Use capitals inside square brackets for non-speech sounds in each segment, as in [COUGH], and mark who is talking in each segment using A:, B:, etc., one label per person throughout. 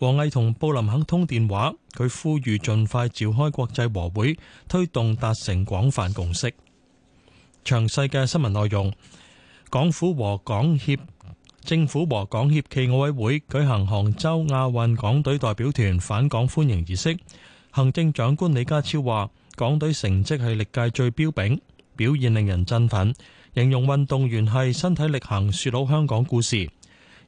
A: 王毅同布林肯通電話，佢呼籲盡快召開國際和會，推動達成廣泛共識。詳細嘅新聞內容，港府和港協政府和港協暨奧委會舉行杭州亞運港隊代表團返港歡迎儀式。行政長官李家超話港隊成績係歷屆最標炳，表現令人振奮，形容運動員係身體力行說好香港故事。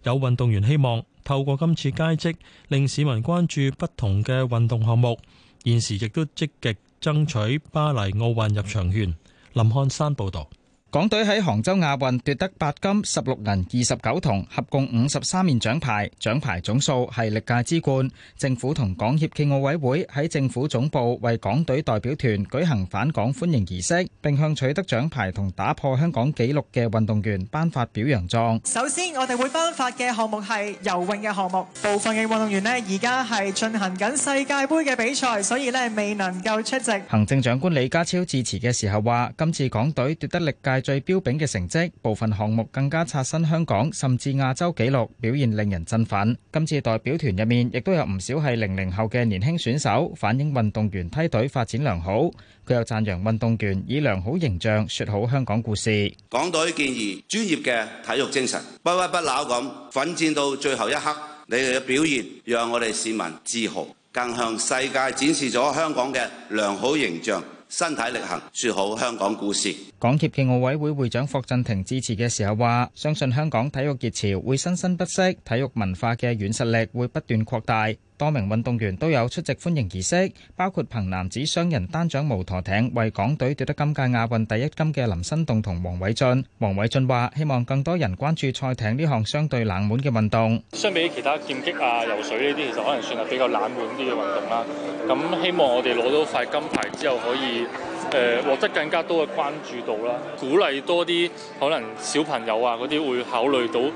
A: 有運動員希望透過今次佳績，令市民關注不同嘅運動項目。現時亦都積極爭取巴黎奧運入場
B: 券。林漢山報導。港隊喺杭州亞運奪得八金十六銀二十九銅，合共五十三面獎牌，獎牌總數係歷屆之冠。政府同港協暨奧委會喺政府總部為港隊代表團舉行返港歡迎儀式，並向取得獎牌同打破香港紀錄嘅運動員頒發表揚狀。
C: 首先，我哋會頒發嘅項目係游泳嘅項目，部分嘅運動員呢，而家係進行緊世界盃嘅比賽，所以呢未能夠出席。
B: 行政長官李家超致辭嘅時候話，今次港隊奪得歷屆。最標炳嘅成績，部分項目更加刷新香港甚至亞洲紀錄，表現令人振奮。今次代表團入面亦都有唔少係零零後嘅年輕選手，反映運動員梯隊發展良好。佢又讚揚運動員以良好形象說好香港故事。
D: 港隊健兒專業嘅體育精神，不屈不撓咁奮戰到最後一刻，你哋嘅表現讓我哋市民自豪，更向世界展示咗香港嘅良好形象。身體力行，説好香港故事。
B: 港協暨奧委會會長霍震霆致辭嘅時候話，相信香港體育熱潮會生生不息，體育文化嘅軟實力會不斷擴大。多名運動員都有出席歡迎儀式，包括憑男子雙人單槳無舵艇為港隊奪得今屆亞運第一金嘅林新棟同黃偉俊。黃偉俊話：希望更多人關注賽艇呢項相對冷門嘅運動。
A: 相比其他劍擊啊、游水呢啲，其實可能算係比較冷門啲嘅運動啦。咁希望我哋攞到塊金牌之後可以。誒獲得更
E: 加多嘅關注度啦，
A: 鼓勵多啲可能小朋友啊嗰啲會考慮到誒，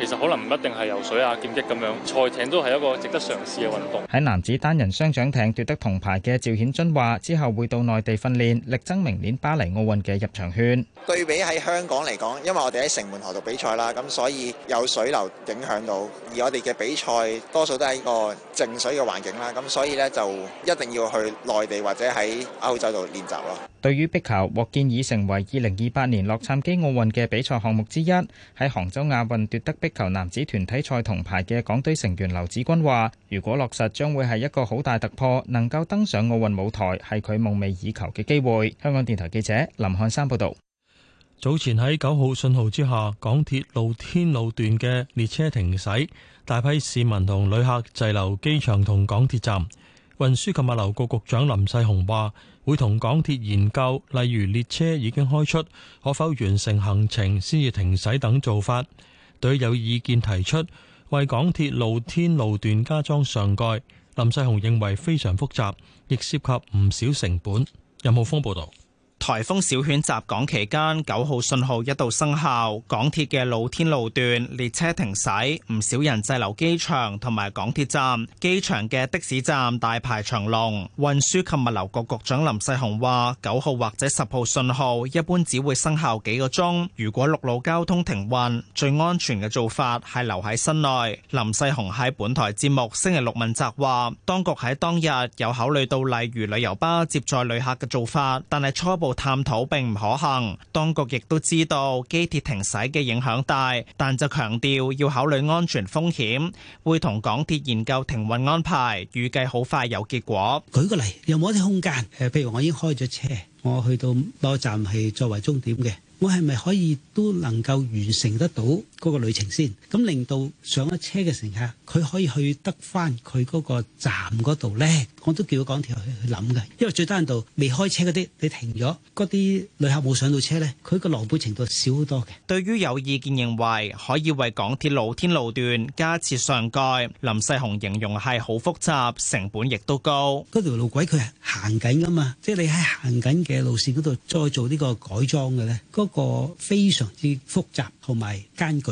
A: 其實可能唔一定係游水啊、劍擊咁樣，賽艇都係一個值得嘗試嘅運動。
E: 喺
B: 男子單人雙槳艇奪得銅牌嘅趙顯臻話，之後會到內地訓練，力爭明年巴黎奧運嘅入場券。
C: 對比喺香港嚟講，因為我哋喺城門河度比賽啦，咁所以有水流影響到，而我哋嘅比賽多數都喺個淨水嘅環境啦，咁所以咧就一定要去內地或者喺歐洲度練習。
B: 對於壁球獲建議成為二零二八年洛杉磯奧運嘅比賽項目之一，喺杭州亞運奪得壁球男子團體賽銅牌嘅港隊成員劉子君話，如果落實，將會係一個好大突破，能夠登上奧運舞台係佢夢寐以求嘅機會。香港電台記者林漢山報道。早前
A: 喺九號信號之下，港鐵露天路段嘅列車停駛，大批市民同旅客滯留機場同港鐵站。運輸及物流局局長林世雄話。會同港鐵研究，例如列車已經開出，可否完成行程先至停駛等做法。對有意見提出，為港鐵露天路段加裝上蓋，林世雄認為非常複雜，亦涉及唔少成本。任浩峯報導。
C: 颱風小犬襲港期間，九號信號一度生效，港鐵嘅露天路段列車停駛，唔少人滯留機場同埋港鐵站。機場嘅的，的士站大排長龍。運輸及物流局局長林世雄話：九號或者十號信號一般只會生效幾個鐘。如果陸路交通停運，最安全嘅做法係留喺室內。林世雄喺本台節目星期六問責話：當局喺當日有考慮到例如旅遊巴接載旅客嘅做法，但係初步。探討並唔可行，當局亦都知道機鐵停駛嘅影響大，但就強調要考慮安全風險，會同港鐵研究停運安排，預計好快有結果。
F: 舉個例，有冇一啲空間？呃，譬如我已經開咗車，我去到多站係作為終點嘅，我係咪可以都能夠完成得到？嗰個旅程先，咁令到上咗車嘅乘客，佢可以去得翻佢嗰個站嗰度呢。我都叫港鐵去去諗嘅，因為最低限度未開車嗰啲，你停咗嗰啲旅客冇上到車呢，佢個浪費程度少好多嘅。
C: 對於有意見認為可以為港鐵露天路段加設上蓋，林世雄形容係好複雜，
F: 成本亦都高。嗰條路軌佢係行緊㗎嘛，即係你喺行緊嘅路線嗰度再做呢個改裝嘅呢，嗰個非常之複雜同埋艱巨。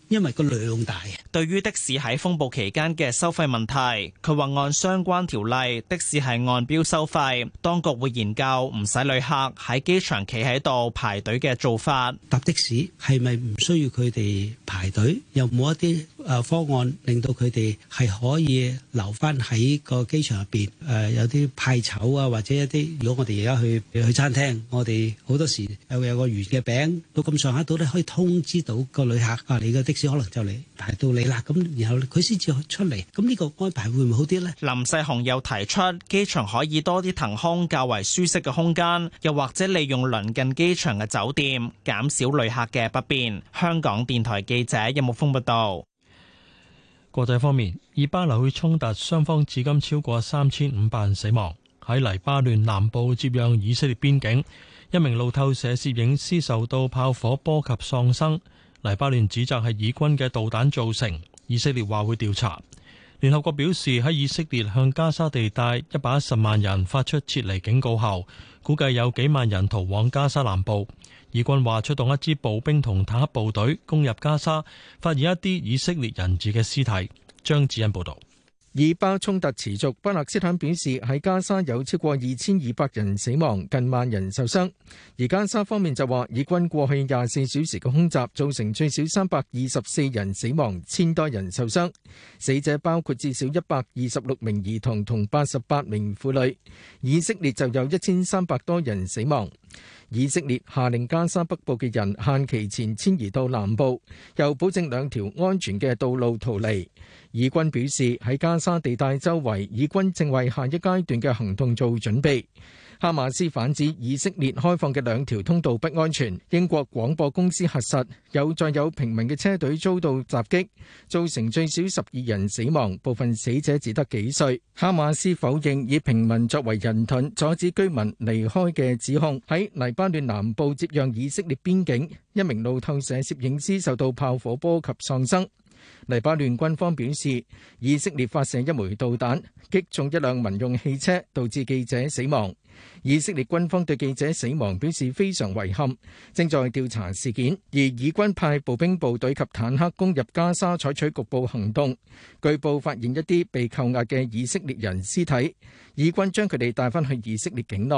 F: 因為個量大。
C: 對於的士喺風暴期間嘅收費問題，佢話按相關條例，的士係按標收費，當局會研究唔使旅客喺機場企喺度排隊嘅做法。
F: 搭的士係咪唔需要佢哋排隊？有冇一啲誒方案令到佢哋係可以留翻喺個機場入邊？誒有啲派籌啊，或者一啲如果我哋而家去去餐廳，我哋好多時又有個圓嘅餅到咁上下度咧，可以通知到個旅客啊，你嘅的，的。可能就嚟排到你啦，咁然後佢先至出嚟，咁呢個安排會唔會好啲呢？
C: 林世雄又提出機場可以多啲騰空較為舒適嘅空間，又或者利用鄰近機場嘅酒店，減少旅客嘅不便。香港電台記者任木峰報道。
A: 國際方面，以巴流血衝突雙方至今超過三千五百人死亡。喺黎巴嫩南部接壤以色列邊境，一名路透社攝影師受到炮火波及喪生。黎巴嫩指責係以軍嘅導彈造成，以色列話會調查。聯合國表示喺以色列向加沙地帶一百一十萬人發出撤離警告後，估計有幾萬人逃往加沙南部。以軍話出動一支步兵同坦克部隊攻入加沙，發現一啲以色列人質嘅屍體。張子欣報道。
G: 以巴衝突持續，巴勒斯坦表示喺加沙有超過二千二百人死亡，近萬人受傷。而加沙方面就話，以軍過去廿四小時嘅空襲造成最少三百二十四人死亡，千多人受傷。死者包括至少一百二十六名兒童同八十八名婦女。以色列就有一千三百多人死亡。以色列下令加沙北部嘅人限期前遷移到南部，又保證兩條安全嘅道路逃離。以軍表示喺加沙地帶周圍，以軍正為下一階段嘅行動做準備。哈馬斯反指以色列開放嘅兩條通道不安全。英國廣播公司核實，有載有平民嘅車隊遭到襲擊，造成最少十二人死亡，部分死者只得幾歲。哈馬斯否認以平民作為人盾阻止居民離開嘅指控。喺黎巴嫩南部接壤以色列邊境，一名路透社攝影師受到炮火波及喪生。黎巴嫩軍方表示，以色列發射一枚導彈擊中一輛民用汽車，導致記者死亡。以色列軍方對記者死亡表示非常遺憾，正在調查事件。而以軍派步兵部隊及坦克攻入加沙，採取局部行動。據報發現一啲被扣押嘅以色列人屍體，以軍將佢哋帶翻去以色列境內。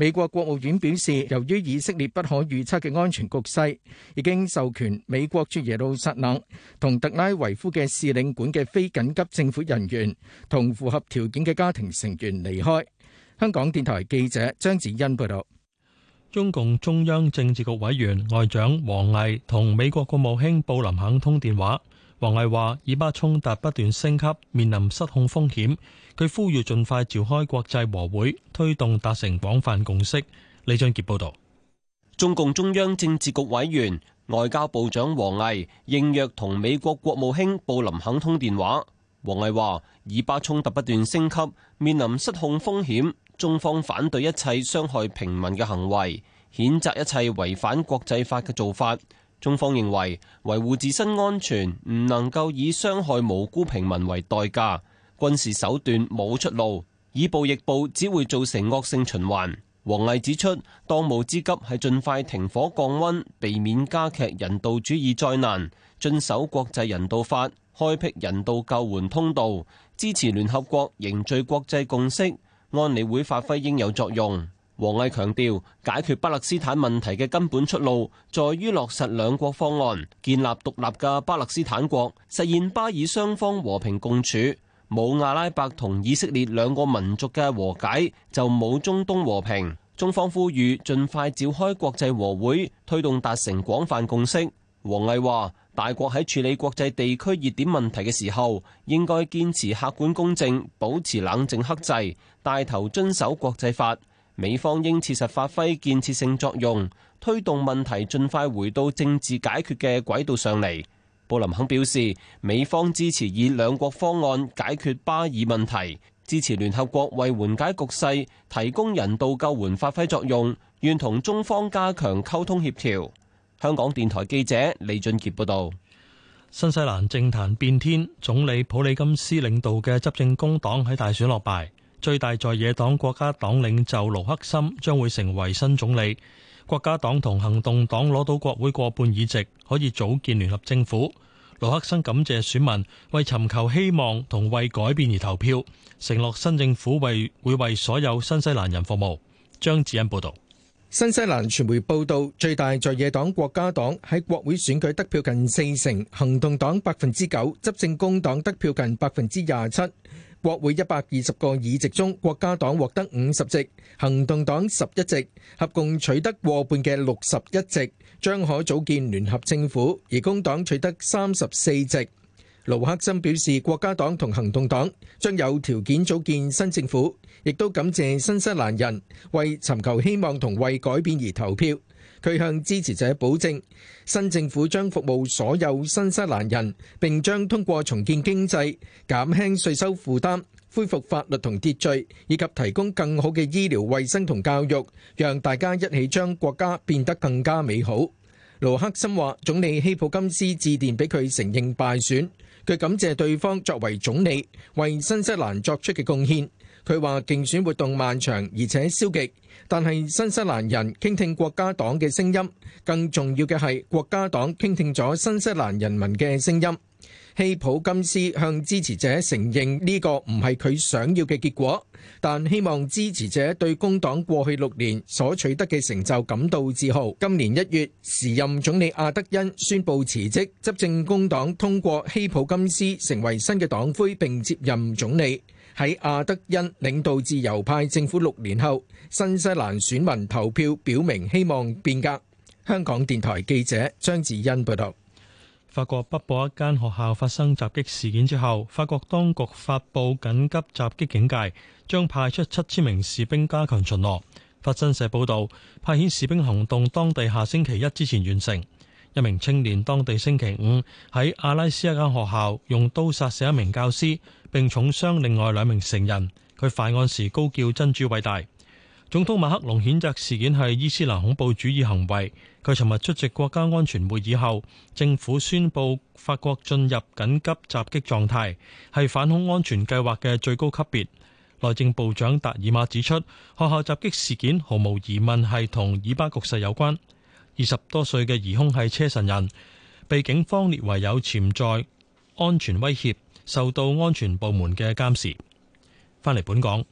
G: 美國國務院表示，由於以色列不可預測嘅安全局勢，已經授權美國駐耶路撒冷同特拉維夫嘅使領館嘅非緊急政府人員同符合條件嘅家庭成員離開。香港電台記者張子欣報道。中
A: 共中央政治局委員外長王毅同美國國務卿布林肯通電話。王毅話：以巴衝突不斷升級，面臨失控風險。佢呼籲盡快召開國際和會，推動達成廣泛共識。李俊傑報導。
H: 中共中央政治局委員、外交部長王毅應約同美國國務卿布林肯通電話。王毅話：以巴衝突不斷升級，面臨失控風險。中方反對一切傷害平民嘅行為，譴責一切違反國際法嘅做法。中方認為維護自身安全唔能夠以傷害無辜平民為代價，軍事手段冇出路，以暴易暴只會造成惡性循環。王毅指出，當務之急係盡快停火降溫，避免加劇人道主義災難，遵守國際人道法，開闢人道救援通道，支持聯合國凝聚國際共識，安理會發揮應有作用。王毅強調，解決巴勒斯坦問題嘅根本出路，在於落實兩國方案，建立獨立嘅巴勒斯坦國，實現巴以雙方和平共處。冇阿拉伯同以色列兩個民族嘅和解，就冇中東和平。中方呼籲盡快召開國際和會，推動達成廣泛共識。王毅話：大國喺處理國際地區熱點問題嘅時候，應該堅持客觀公正，保持冷靜克制，帶頭遵守國際法。美方應切實發揮建設性作用，推動問題盡快回到政治解決嘅軌道上嚟。布林肯表示，美方支持以兩國方案解決巴以問題，支持聯合國為緩解局勢提供人道救援發揮作用，願同中方加強溝通協調。香港電台記者李俊杰報道。
A: 新西蘭政壇變天，總理普里金斯領導嘅執政工黨喺大選落敗。最大在野黨國家黨領袖盧克森將會成為新總理。國家黨同行動黨攞到國會過半議席，可以組建聯合政府。盧克森感謝選民為尋求希望同為改變而投票，承諾新政府為會為所有新西蘭人服務。張子恩報道。
G: 新西蘭傳媒報道，最大在野黨國家黨喺國會選舉得票近四成，行動黨百分之九，執政工黨得票近百分之廿七。國會一百二十個議席中，國家黨獲得五十席，行動黨十一席，合共取得過半嘅六十一席，將可組建聯合政府。而工黨取得三十四席。盧克森表示，國家黨同行動黨將有條件組建新政府，亦都感謝新西蘭人，為尋求希望同為改變而投票。佢向支持者保證，新政府將服務所有新西蘭人，並將通過重建經濟、減輕稅收負擔、恢復法律同秩序，以及提供更好嘅醫療衛生同教育，讓大家一起將國家變得更加美好。盧克森話，總理希普金斯致電畀佢承認敗選，佢感謝對方作為總理，為新西蘭作出嘅貢獻。佢話競選活動漫長而且消極，但係新西蘭人傾聽國家黨嘅聲音，更重要嘅係國家黨傾聽咗新西蘭人民嘅聲音。希普金斯向支持者承認呢個唔係佢想要嘅結果，但希望支持者對工黨過去六年所取得嘅成就感到自豪。今年一月，時任總理阿德恩宣布辭職，執政工黨通過希普金斯成為新嘅黨魁，並接任總理。喺阿德恩領導自由派政府六年後，新西蘭選民投票表明希望變革。香港電台記者張智欣報道。
A: 法國北部一間學校發生襲擊事件之後，法國當局發布緊急襲擊警戒，將派出七千名士兵加強巡邏。法新社報導，派遣士兵行動當地下星期一之前完成。一名青年當地星期五喺阿拉斯一間學校用刀殺死一名教師，並重傷另外兩名成人。佢犯案時高叫真主偉大。總統馬克龍譴責事件係伊斯蘭恐怖主義行為。佢尋日出席國家安全會議後，政府宣布法國進入緊急襲擊狀態，係反恐安全計劃嘅最高級別。內政部長達爾馬指出，學校襲擊事件毫無疑問係同以巴局勢有關。二十多歲嘅疑兇係車臣人，被警方列為有潛在安全威脅，受到安全部門嘅監視。翻嚟本港，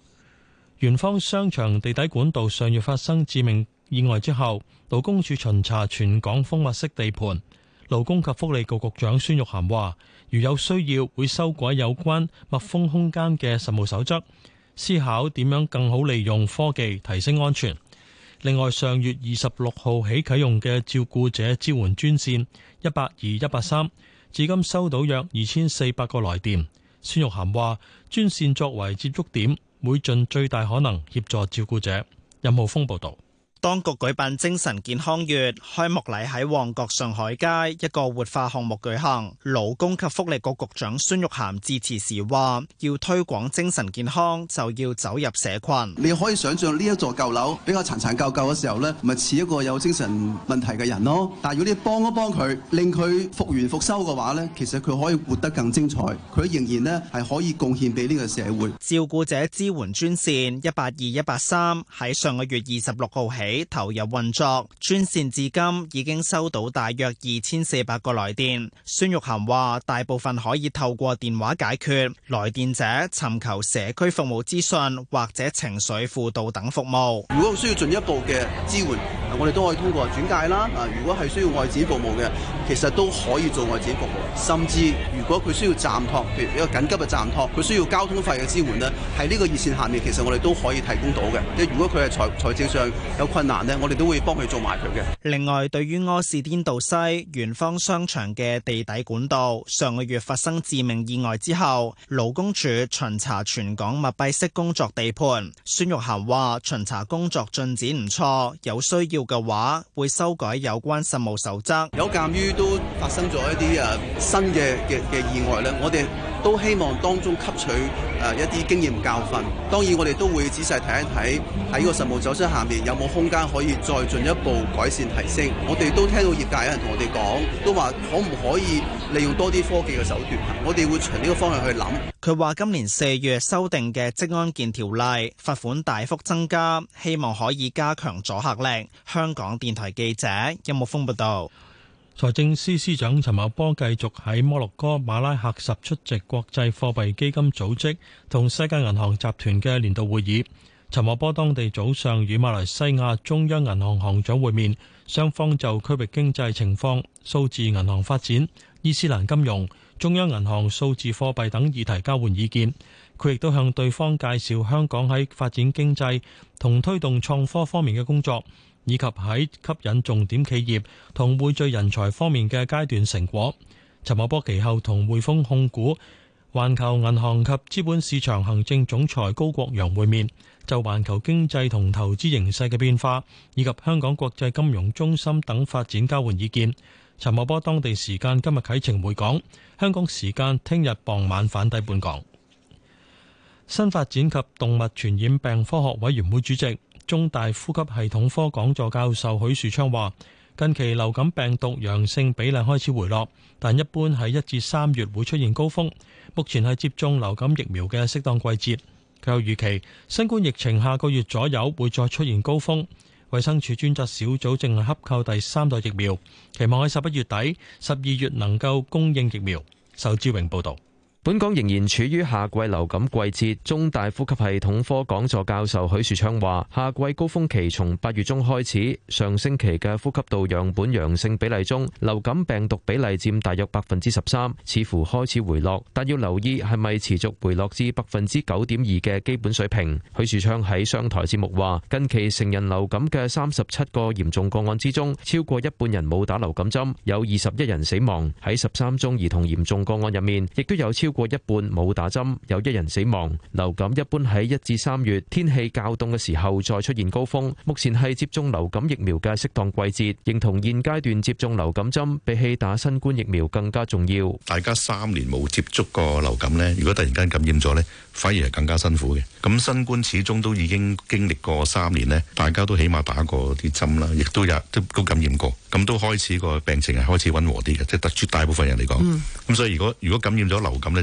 A: 元芳商場地底管道上月發生致命意外之後，勞工處巡查全港封密式地盤。勞工及福利局局長孫玉菡話：如有需要，會修改有關密封空間嘅實務守則，思考點樣更好利用科技提升安全。另外，上月二十六號起啟用嘅照顧者支援專線一八二一八三，至今收到約二千四百個來電。孫玉涵話：專線作為接觸點，會盡最大可能協助照顧者。任浩峰報導。
C: 當局舉辦精神健康月開幕禮喺旺角上海街一個活化項目舉行，勞工及福利局局長孫玉菡致辭時話：要推廣精神健康就要走入社群。
D: 你可以想象，呢一座舊樓比較殘殘舊舊嘅時候，呢咪似一個有精神問題嘅人咯。但如果你幫一幫佢，令佢復原復修嘅話，呢其實佢可以活得更精彩，佢仍然呢係可以貢獻俾呢個社會。
C: 照顧者支援專線182、183，喺上個月二十六號起。投入運作專線至今，已經收到大約二千四百個來電。孫玉涵話，大部分可以透過電話解決，來電者尋求社區服務資
D: 訊或者情緒輔導等服務。如果需要進一步嘅支援，我哋都可以通過轉介啦。啊，如果係需要外展服務嘅，其實都可以做外展服務。甚至如果佢需要暫托，譬如一個緊急嘅暫托，佢需要交通費嘅支援呢，喺呢個熱線下面，其實我哋都可以提供到嘅。即如果佢係財財政上有困難呢，我哋都會幫佢做埋佢嘅。
C: 另外，對於柯士甸道西圓方商場嘅地底管道，上個月發生致命意外之後，勞工處巡查全港密閉式工作地盤。孫玉菡話巡查工作進展唔錯，有需要嘅話
D: 會修改有關實務守則，有鑒於都發生咗一啲誒新嘅嘅嘅意外咧，我哋都希望當中吸取。 [NOISE] 誒、啊、一啲經驗教訓，當然我哋都會仔細睇一睇喺個實務走失，下面有冇空間可以再進一步改善提升。我哋都聽到業界有人同我哋講，都話可唔可以利用多啲科技嘅手段，我哋會從呢個方向去諗。
C: 佢話今年四月修訂嘅職安健條例罰款大幅增加，希望可以加強阻嚇力。香港電台記者音木風報道。
A: 財政司司長陳茂波繼續喺摩洛哥馬拉喀什出席國際貨幣基金組織同世界銀行集團嘅年度會議。陳茂波當地早上與馬來西亞中央銀行行長會面，雙方就區域經濟情況、數字銀行發展、伊斯蘭金融、中央銀行數字貨幣等議題交換意見。佢亦都向對方介紹香港喺發展經濟同推動創科方面嘅工作。以及喺吸引重點企業同匯聚人才方面嘅階段成果。陳茂波其後同匯豐控股、環球銀行及資本市場行政總裁高國揚會面，就環球經濟同投資形勢嘅變化以及香港國際金融中心等發展交換意見，陳茂波當地時間今日啟程回港，香港時間聽日傍晚返抵本港。新發展及動物傳染病科學委員會主席。中大呼吸系統科講座教授許樹昌話，近期流感病毒陽性比例開始回落，但一般喺一至三月會出現高峰。目前係接種流感疫苗嘅適當季節，佢又預期，新冠疫情下個月左右會再出現高峰。衛生署專責小組正係洽購第三代疫苗，期望喺十一月底、十二月能夠供應疫苗。仇志榮報道。
I: 本港仍然處於夏季流感季節，中大呼吸系統科講座教授許樹昌話，夏季高峰期從八月中開始，上星期嘅呼吸道樣本陽性比例中，流感病毒比例佔大約百分之十三，似乎開始回落，但要留意係咪持續回落至百分之九點二嘅基本水平。許樹昌喺商台節目話，近期成人流感嘅三十七個嚴重個案之中，超過一半人冇打流感針，有二十一人死亡。喺十三宗兒童嚴重個案入面，亦都有超過一半冇打針，有一人死亡。流感一般喺一至三月天氣較凍嘅時候再出現高峰。目前係接種流感疫苗嘅適當季節，認同現階段接種流感針比起打新冠疫苗更加重要。
E: 大家三年冇接觸過流感咧，如果突然間感染咗咧，反而係更加辛苦嘅。咁新冠始終都已經經歷過三年咧，大家都起碼打過啲針啦，亦都有都都感染過，咁都開始個病情係開始溫和啲嘅，即係大絕大部分人嚟講。咁所以如果如果感染咗流感咧，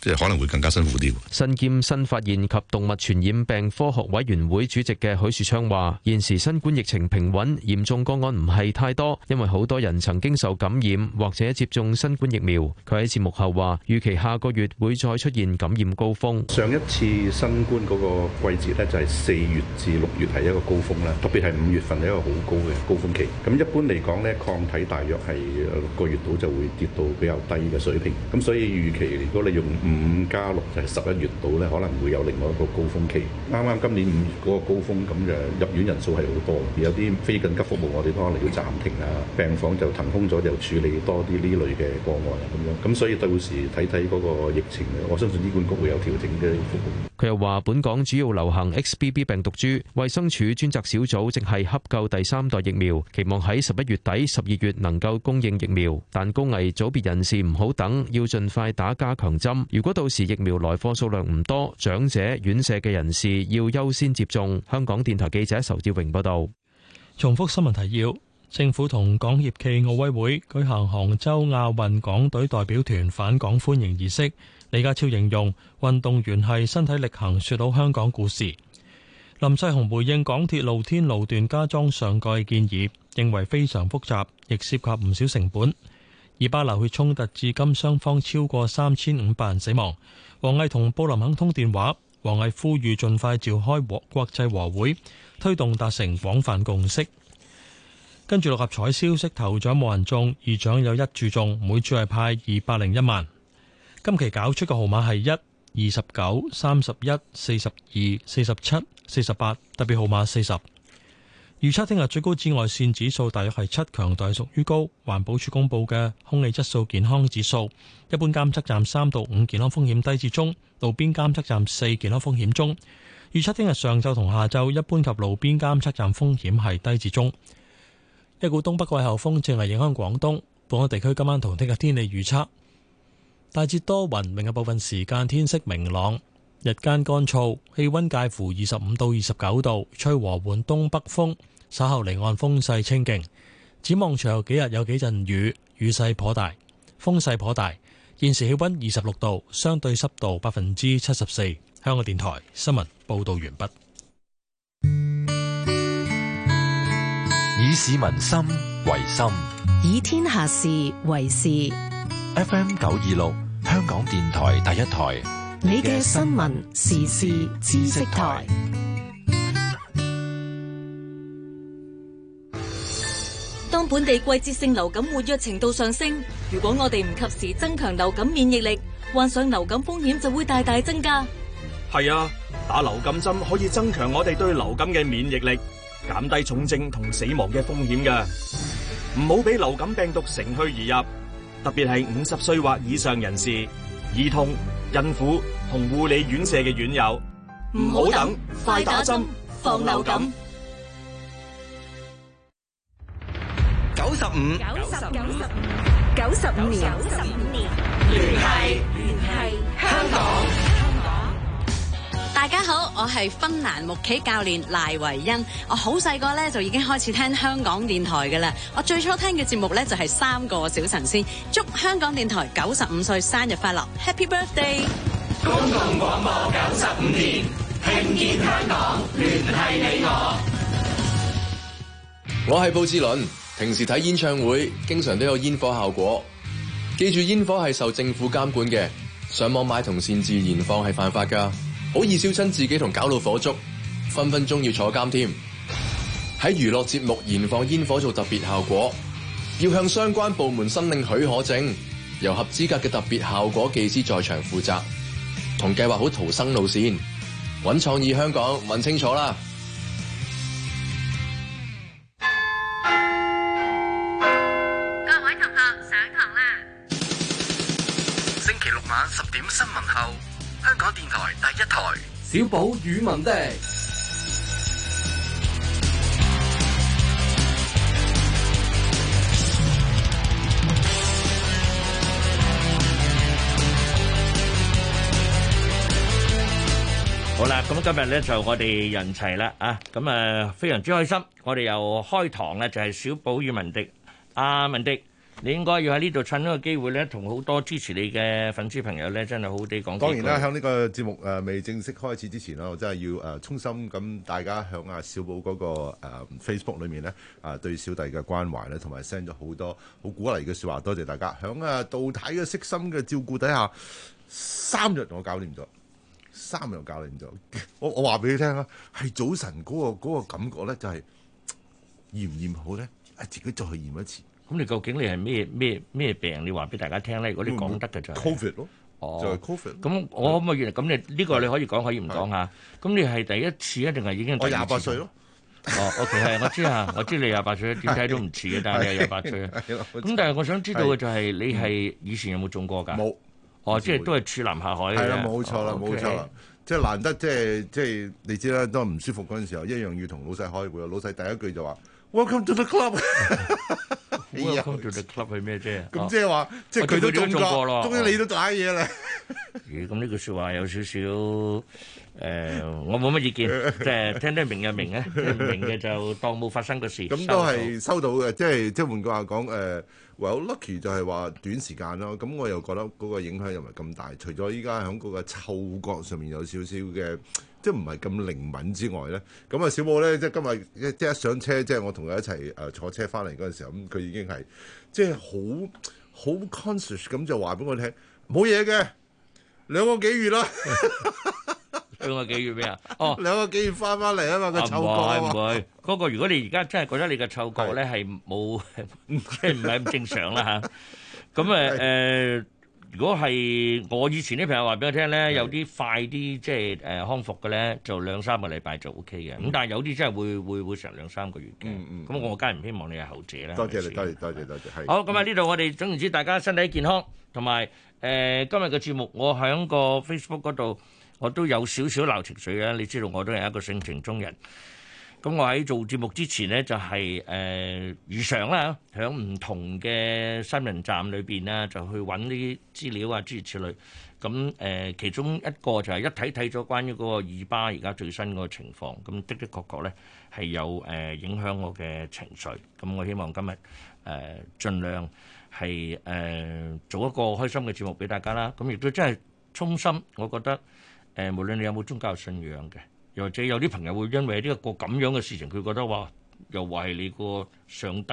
E: 即係可能會更加辛苦啲。
I: 新劍新發現及動物傳染病科學委員會主席嘅許樹昌話：現時新冠疫情平穩，嚴重個案唔係太多，因為好多人曾經受感染或者接種新冠疫苗。佢喺節目後話：預期下個月會再出現感染高峰。
E: 上一次新冠嗰個季節呢，就係四月至六月係一個高峰啦，特別係五月份係一個好高嘅高峯期。咁一般嚟講呢，抗體大約係六個月度就會跌到比較低嘅水平。咁所以預期，如果你用五加六就係十一月度，呢可能會有另外一個高峰期。啱啱今年五月嗰個高峰，咁就入院人數係好多，有啲非緊急服務我哋都可能要暫停啊，病房就騰空咗，就處理多啲呢類嘅個案咁樣。咁所以到時睇睇嗰個疫情，我相信醫管局會有調整嘅服務。
I: 佢又話：本港主要流行 XBB 病毒株，衛生署專責小組正係洽購第三代疫苗，期望喺十一月底、十二月能夠供應疫苗。但高危組別人士唔好等，要盡快打加強針。如果到時疫苗來貨數量唔多，長者、院舍嘅人士要優先接種。香港電台記者仇志榮報道：「重
A: 複新聞提要：政府同港協暨奧委會舉行杭州亞運港隊代表團返港歡迎儀式。李家超形容運動員係身體力行說好香港故事。林世雄回應港鐵露天路段加裝上蓋嘅建議，認為非常複雜，亦涉及唔少成本。以巴流血衝突至今，雙方超過三千五百人死亡。王毅同布林肯通電話，王毅呼籲盡快召開國際和會，推動達成廣泛共識。跟住六合彩消息，頭獎冇人中，二獎有一注中，每注係派二百零一萬。今期搞出嘅號碼係一、二十九、三十一、四十二、四十七、四十八，特別號碼四十。預測聽日最高紫外線指數大約係七，強度屬於高。環保署公布嘅空氣質素健康指數，一般監測站三到五，健康風險低至中；路邊監測站四，健康風險中。預測聽日上晝同下晝，一般及路邊監測站風險係低至中。一股東北季候風正係影響廣東，本港地區今晚同聽日天氣預測。大致多雲，明日部分時間天色明朗，日間乾燥，氣溫介乎二十五到二十九度，吹和緩東北風。稍後離岸風勢清勁，展望隨後幾日有幾陣雨，雨勢頗大，風勢頗大。現時氣溫二十六度，相對濕度百分之七十四。香港電台新聞
E: 報道完畢。以市民心為心，
C: 以天下事為事。
E: FM 九二六，香港電台第一台，你嘅新聞
C: 時事知識台。
G: 當本地季節性流感活躍程度上升，如果我哋唔及時增強流感免疫力，患上流感風險就會大大增加。
A: 係啊，打流感針可以增強我哋對流感嘅免疫力，減低重症同死亡嘅風險嘅。唔好俾流感病毒乘虛而入。特別係五十歲或以上人士、兒童、孕婦同護理院舍嘅院友，唔好
J: 等，
D: 快打針，防流感。
C: 九十五，
D: 九十五，
C: 九十五年，聯繫聯繫香港。
D: 大家好，我係芬蘭木企教練賴維恩。我好細個咧就已經開始聽香港電台噶啦。我最初聽嘅節目咧就係三個小神仙。祝香港電台九十五歲生日快樂，Happy Birthday！
J: 公共廣播九十五年，聽
F: 見香港，聯繫你我。
D: 我係布志倫，平時睇演唱會經常都有煙火效果。記住煙火係受政府監管嘅，上網買同擅自燃放係犯法噶。好易燒親自己同搞到火燭，分分鐘要坐監添。喺娛樂節目燃放煙火做特別效果，要向相關部門申領許可證，由合資格嘅特別效果技師在場負責，同計劃好逃生路綫，搵創意香港，問清楚啦。
G: 電台第一台，
D: 小寶與文迪。
K: 好啦，咁今日咧就我哋人齊啦啊，咁啊非常之開心，我哋又開堂咧就係、是、小寶與文迪。阿、啊、文迪。你應該要喺呢度趁呢個機會咧，同好多支持你嘅粉絲朋友咧，真係好好地講幾句。當然啦，喺呢
J: 個節目誒未、呃、正式開始之前啦，我真係要誒衷、呃、心咁大家響阿小寶嗰、那個、呃、Facebook 裏面咧，啊、呃、對小弟嘅關懷咧，同埋 send 咗好多好鼓勵嘅説話，多謝大家。響啊，杜太嘅悉心嘅照顧底下，三日我搞掂咗，三日搞掂咗。我我話俾你聽啊，係早晨嗰、那個那個感覺咧、就是，就係驗唔驗好咧？誒自己再去驗一次。
K: 咁你究竟你係咩咩咩病？你話俾大家聽咧。如果你講得嘅就係 COVID
J: 咯，
K: 就係 covid。咁我可唔可以咁你呢個你可以講可以唔講下？咁你係第一次一定係已經，我廿八歲咯。哦，OK，係我知啊，我知你廿八歲，點睇都唔似嘅，但係你廿八歲。咁但係我想知道嘅就係你係以前有冇中過噶？冇。哦，即係都係處男下海啊。係啦，冇錯啦，冇錯啦。
J: 即係難得，即係即係，你知啦，當唔舒服嗰陣時候，一樣要同老細開會。老細第一句就話 Welcome to the club。哎呀，咁做隻 club 係咩啫？咁、啊、即係話，即係佢都中咗，終於你都打嘢啦，嗯。
K: 咦？咁呢句說話有少少，誒、呃，我冇乜意見，即係 [LAUGHS] 聽得明嘅明咧，唔明嘅就當冇發生過事。咁都係收
J: 到嘅，即係即係換句話講，誒、呃，有，well, lucky 就係話短時間咯。咁我又覺得嗰個影響又唔係咁大，除咗依家響嗰個嗅覺上面有少少嘅。即係唔係咁靈敏之外咧，咁啊小寶咧，即係今日即係一上車，即係我同佢一齊誒坐車翻嚟嗰陣時候，咁佢已經係即係好好 consensus 咁就話俾我聽，冇嘢嘅兩個幾月啦，
K: 兩個幾月咩啊、哎？
J: 哦，兩個幾月翻翻嚟啊嘛，個嗅覺啊，唔、啊、會嗰、
K: 嗰個。如果你而家真係覺得你嘅嗅覺咧係冇即係唔係咁正常啦嚇，咁是的 啊誒。是的 啊嗯如果係我以前啲朋友話俾我聽咧，是有啲快啲即係誒康復嘅咧，就兩三個禮拜就 O K 嘅。咁、嗯、但係有啲真係會會會成兩三個月嘅。嗯嗯。咁我梗係唔希望你係
J: 後者啦。多謝你，多謝多謝多謝。係。好，
K: 咁啊！呢度、嗯、我哋總言之，大家身體健康，同埋誒今日嘅節目，我喺個 Facebook 嗰度，我都有少少鬧情緒呀。你知道我都係一個性情中人。咁我喺做節目之前咧，就係誒如常啦，響唔同嘅新聞站裏邊咧，就去揾啲資料啊諸如此類，之類，咁誒、呃、其中一個就係一睇睇咗關於嗰個二巴而家最新個情況，咁的確確、呃、的確確咧係有誒影響我嘅情緒，咁我希望今日誒盡量係誒、呃、做一個開心嘅節目俾大家啦。咁亦都真係衷心，我覺得誒、呃、無論你有冇宗教信仰嘅。又或者有啲朋友會因為呢一個咁樣嘅事情，佢覺得話又話係你個上。